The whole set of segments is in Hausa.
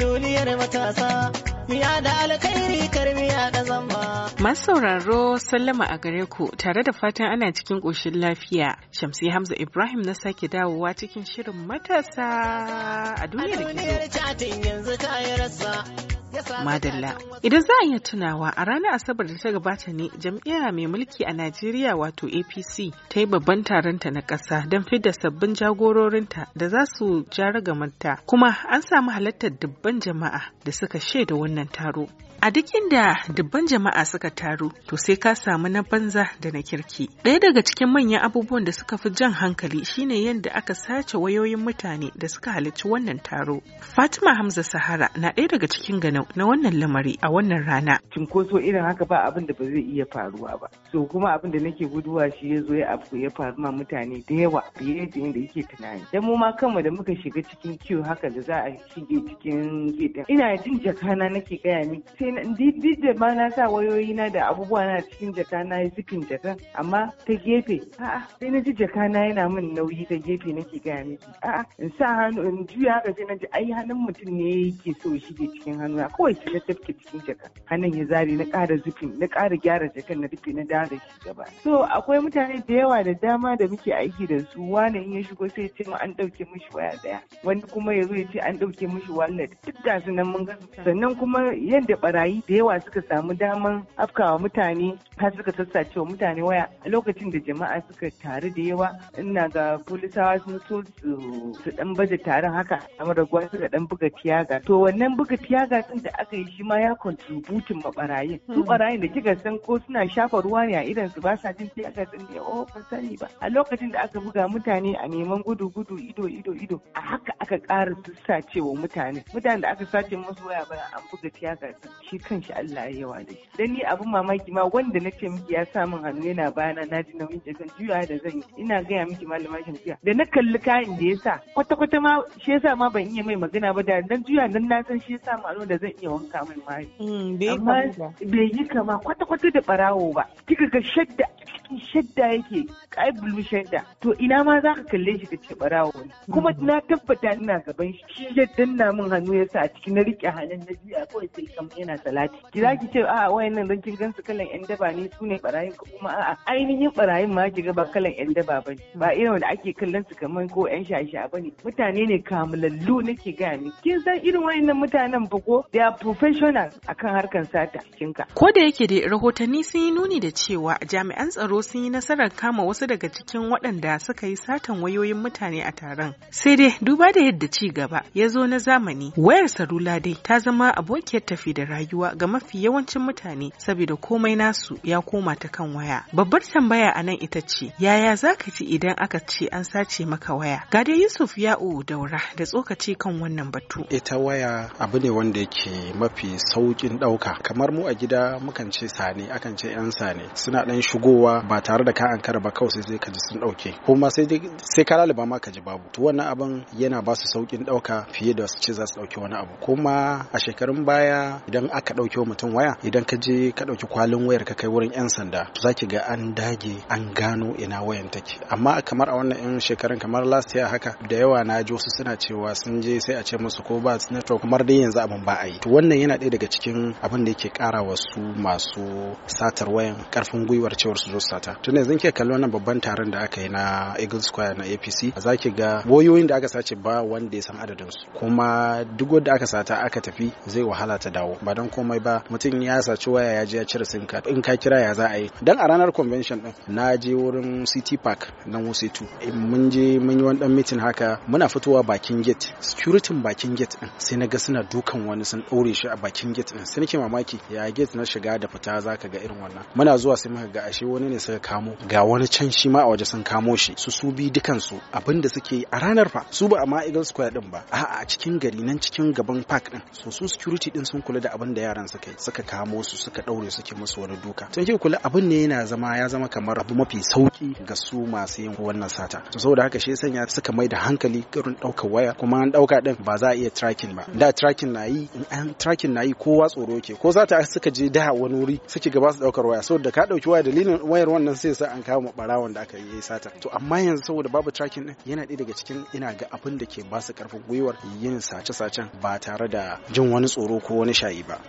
duniyar matasa miya da alkhairi karmiya da zamba. Masu sauraro sallama a gare ku tare da fatan ana cikin ƙoshin lafiya. Shamsi Hamza Ibrahim na sake dawowa cikin shirin matasa a duniyar gizo. A yanzu ta yi Madalla. Idan za a iya tunawa a ranar Asabar da ta gabata ne jam'iyya mai mulki a Najeriya wato APC ta yi babban taronta na ƙasa don fidda sabbin jagororinta da za su ja manta kuma an samu halartar dubban jama'a da suka shaida wannan taro. A duk inda dubban jama'a suka taru, to sai ka samu na banza da na kirki. Ɗaya daga cikin manyan abubuwan da suka fi jan hankali shine yadda aka sace wayoyin mutane da suka halarci wannan taro. Fatima Hamza Sahara na ɗaya daga cikin ganau na wannan lamari a wannan rana. Cinkoso irin haka ba abin da ba zai iya faruwa ba. So kuma abin da nake guduwa shi ya zo ya abu ya faru ma mutane da yawa fiye da yadda yake tunani. Dan mu ma kanmu da muka shiga cikin kiyo haka da za a shige cikin gidan. Ina jin jakana nake gaya miki sai duk da ba na sa wayoyi na da abubuwa na cikin jaka na yi zikin jaka amma ta gefe a'a sai na ji jaka na yana min nauyi ta gefe nake gaya miki a'a in sa hannu in juya haka sai na ji ai hannun mutum ne yake so shi ke cikin hannu na kawai sai na tafke cikin jaka hannun ya zare na ƙara zufin na ƙara gyara jakan na rufe na dara shi gaba so akwai mutane da yawa da dama da muke aiki da su wani in ya shigo sai ce an ɗauke mishi waya ɗaya wani kuma ya zo ya ce an ɗauke mishi wallet duk da su nan mun ga sannan kuma yadda bara yi da yawa suka samu daman afkawa mutane har suka sassace wa mutane waya a lokacin da jama'a suka taru da yawa ina ga polisawa sun so su dan baje taron haka a maragwa suka dan buga tiyaga to wannan buga tiyaga din da aka yi shi ma ya kontributin ma barayin su barayin hmm. da kika san ko suna shafa ruwa ne a idan su ba sa jin tiyaga din ne oh ban sani ba a lokacin da aka buga mutane a neman gudu gudu ido ido ido a haka aka ƙara sassace wa mutane mutane da aka sace musu waya ba an buga tiyaga shi kanshi Allah ya yawa da shi dan ni abin mamaki ma wanda na ce miki ya sa min hannu yana bayana na ji nauyin zan juya da zan yi ina gaya miki malama shamsiya da na kalli kayan da ya sa kwata kwata ma shi yasa ma ban iya mai magana ba da dan juya nan na san shi yasa ma da zan iya wanka mai mai hmm, amma bai yi kama kwata kwata da barawo ba kika ga shadda cikin shadda yake kai bulu shadda to ina ma za ka kalle shi ka ce barawo kuma hmm. na tabbata ina gaban shi shi ya danna min hannu yasa a cikin na riƙe hannun na juya kawai sai kamar yana ana salati ki za ki ce a wayannan dan kin gansu kalan yan daba ne su ne barayin kuma a'a ainihin barayin ma ki ga ba kalan yan daba ba ba irin da ake kallon su kamar ko yan shashi ba ne mutane ne kamulallu nake gaya ni kin san irin wayannan mutanen ba ko they are professional akan harkan sata kinka ko da yake da rahotanni sun yi nuni da cewa jami'an tsaro sun yi nasarar kama wasu daga cikin waɗanda suka yi satan wayoyin mutane a taron sai dai duba da yadda ci gaba ya zo na zamani wayar salula dai ta zama abokiyar tafi da rayu rayuwa ga mafi yawancin mutane saboda komai nasu ya koma ta kan waya. Babbar tambaya a nan ita ce, yaya za ka ci idan aka ce an sace maka waya? Gada yusuf Yusuf ya Daura da tsokaci kan wannan batu. Ita waya abu ne wanda yake mafi saukin ɗauka. Kamar mu a gida mukan ce sane, akan ce 'yan sane. Suna ɗan shigowa ba tare da ka ankara ba kawai sai ka ji sun ɗauke. Kuma sai ka laliba ma ka ji babu. To wannan abin yana ba su sauƙin ɗauka fiye da su ce za su ɗauki wani abu. Kuma a shekarun baya idan aka ɗauke mutum waya idan ka je ka ɗauki kwalin wayar ka kai wurin 'yan sanda za ki ga an dage an gano ina wayan take amma kamar a wannan 'yan shekarun kamar last year haka da yawa na ji wasu suna cewa sun je sai a ce musu ko ba su network kamar dai yanzu abin ba a yi to wannan yana ɗaya daga cikin abin da yake ƙara wasu masu satar wayan ƙarfin gwiwar cewar su zo sata tun yanzu ke kallo wannan babban taron da aka yi na Eagle Square na APC za ki ga wayoyin da aka sace ba wanda ya san adadin su kuma duk wanda aka sata aka tafi zai wahala ta dawo ba dan komai ba mutum ya saci waya ya je ya cire sim card in ka kira ya za a yi dan a ranar convention din na je wurin city park nan wuse 2 mun je mun yi wani dan meeting haka muna fitowa bakin gate security bakin gate din sai na ga suna dukan wani sun daure shi a bakin gate din sai nake mamaki ya gate na shiga da fita zaka ga irin wannan muna zuwa sai muka ga ashe wani ne suka kamo ga wani can shi ma a waje sun kamo shi su su bi dukan su abinda suke a ranar fa su ba a ma Eagle Square din ba a'a a cikin gari nan cikin gaban park din so su security din sun kula da abin da yaran suka yi suka kamo su suka daure suke musu wani duka to kika kula abin ne yana zama ya zama kamar abu mafi sauki ga su masu yin wannan sata to saboda haka shi sanya suka mai da hankali garin daukar waya kuma an dauka din ba za a iya tracking ba da tracking na yi in an tracking na yi kowa tsoro ke ko za ta suka je da wani wuri suke gaba su daukar waya saboda ka dauki waya dalilin wayar wannan sai sa an kama barawon da aka yi sata to amma yanzu saboda babu tracking din yana ɗaya daga cikin ina ga abin da ke ba su karfin gwiwar yin sace-sacen ba tare da jin wani tsoro ko wani shayi ba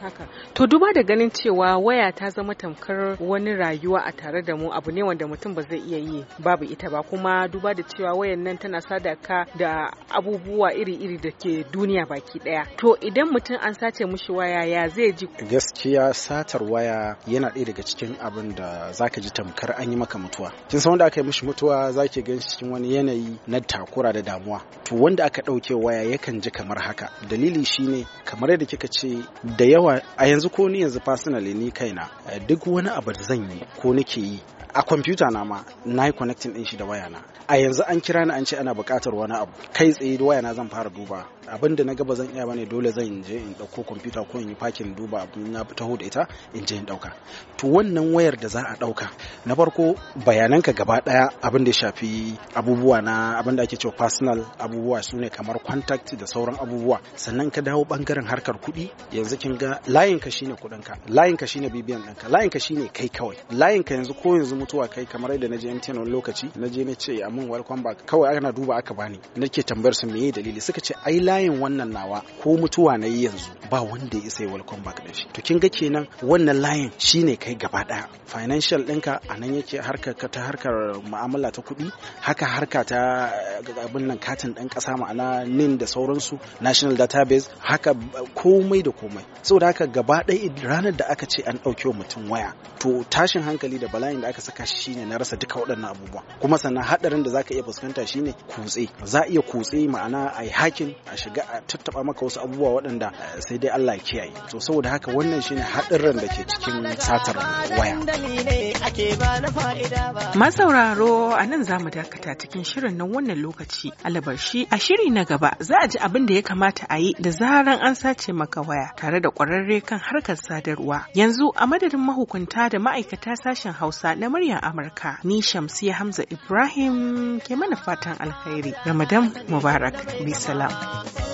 to duba da ganin cewa waya ta zama tamkar wani rayuwa a tare da mu abu ne wanda mutum ba zai iya yi babu ita ba kuma duba da cewa wayan nan tana sadaka da abubuwa iri-iri da ke duniya baki daya to idan mutum an sace mushi waya ya zai ji gaskiya satar waya yana ɗaya daga cikin abin da zaka ji tamkar an yi maka mutuwa kin san wanda aka yi mishi mutuwa zaki gan shi cikin wani yanayi na takura da damuwa to wanda aka ɗauke waya yakan ji kamar haka dalili shine kamar yadda kika ce da yawa yawa a yanzu ko ni yanzu personally ni kaina eh, duk wani abu da zan yi ko nake yi a kwamfuta na ma na yi connecting din shi da na a yanzu an kira ni an ce ana buƙatar wani abu kai tsaye da wayana zan fara duba abin da na gaba zan iya bane dole zan je in ɗauko kwamfuta ko in yi fakin duba abu na taho da ita in je in ɗauka to wannan wayar da za a ɗauka na farko bayananka gaba ɗaya abin da ya shafi abubuwa na abin da ake cewa personal abubuwa su ne kamar contact da sauran abubuwa sannan ka dawo bangaren harkar kuɗi yanzu kin ga layinka shine kuɗinka layinka shine bibiyan ɗinka layinka shine kai kawai layinka yanzu ko yanzu mutuwa kai kamar yadda na je MTN wani lokaci na je na ce a mun welcome back kawai ana duba aka bani ke tambayar su meye dalili suka ce ai layin wannan nawa ko mutuwa na yi yanzu ba wanda ya isa yi welcome back da shi to kin ga kenan wannan layin shine kai gaba daya financial ɗinka a nan yake harkar ta harkar mu'amala ta kuɗi haka harka ta eh, abin nan katin ɗan ƙasa ma'ana nin da sauransu national database haka komai da komai saboda haka gaba ɗaya ranar da aka ce an ɗauke mutum waya to tashin hankali da bala'in da aka saka saka shine na rasa duka waɗannan abubuwa kuma sannan haɗarin da zaka iya fuskanta shine kutse za a iya kutse ma'ana a yi hakin a shiga a tattaba maka wasu abubuwa waɗanda eh, sai dai Allah ya kiyaye to saboda haka wannan shine haɗarin da ke cikin satar waya masauraro a nan za mu dakata cikin shirin na wannan lokaci alabarshi a shiri na gaba za a ji abin da ya kamata a yi da zaran an sace maka waya tare da kwararre kan harkar sadarwa yanzu a madadin mahukunta da ma'aikata sashen hausa na murya muryar Amurka ni Shamsiya Hamza Ibrahim ke mana fatan alkhairi. Ramadan Mubarak. Bisalam.